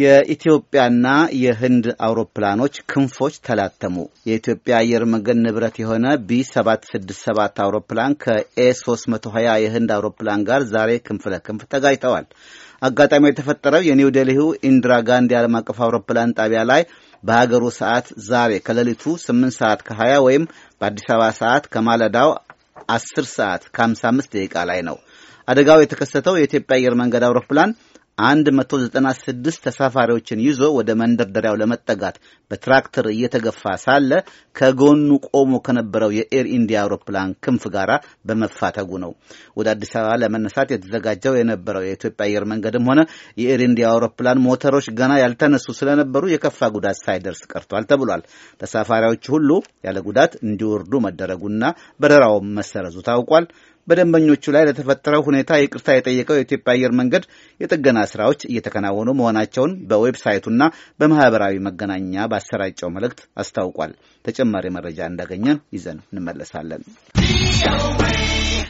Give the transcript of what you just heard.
የኢትዮጵያና የህንድ አውሮፕላኖች ክንፎች ተላተሙ። የኢትዮጵያ አየር መንገድ ንብረት የሆነ ቢ767 አውሮፕላን ከኤ320 የህንድ አውሮፕላን ጋር ዛሬ ክንፍ ለክንፍ ተጋጭተዋል። አጋጣሚው የተፈጠረው የኒው ዴልሂው ኢንዲራ ጋንዲ ዓለም አቀፍ አውሮፕላን ጣቢያ ላይ በሀገሩ ሰዓት ዛሬ ከሌሊቱ 8 ሰዓት ከ20 ወይም በአዲስ አበባ ሰዓት ከማለዳው 10 ሰዓት ከ55 ደቂቃ ላይ ነው። አደጋው የተከሰተው የኢትዮጵያ አየር መንገድ አውሮፕላን 196 ተሳፋሪዎችን ይዞ ወደ መንደርደሪያው ለመጠጋት በትራክተር እየተገፋ ሳለ ከጎኑ ቆሞ ከነበረው የኤር ኢንዲያ አውሮፕላን ክንፍ ጋር በመፋተጉ ነው። ወደ አዲስ አበባ ለመነሳት የተዘጋጀው የነበረው የኢትዮጵያ አየር መንገድም ሆነ የኤር ኢንዲያ አውሮፕላን ሞተሮች ገና ያልተነሱ ስለነበሩ የከፋ ጉዳት ሳይደርስ ቀርቷል ተብሏል። ተሳፋሪዎች ሁሉ ያለ ጉዳት እንዲወርዱ መደረጉና በረራውም መሰረዙ ታውቋል። በደንበኞቹ ላይ ለተፈጠረው ሁኔታ ይቅርታ የጠየቀው የኢትዮጵያ አየር መንገድ የጥገና ስራዎች እየተከናወኑ መሆናቸውን በዌብሳይቱና በማህበራዊ መገናኛ ባሰራጨው መልእክት አስታውቋል። ተጨማሪ መረጃ እንዳገኘን ይዘን እንመለሳለን።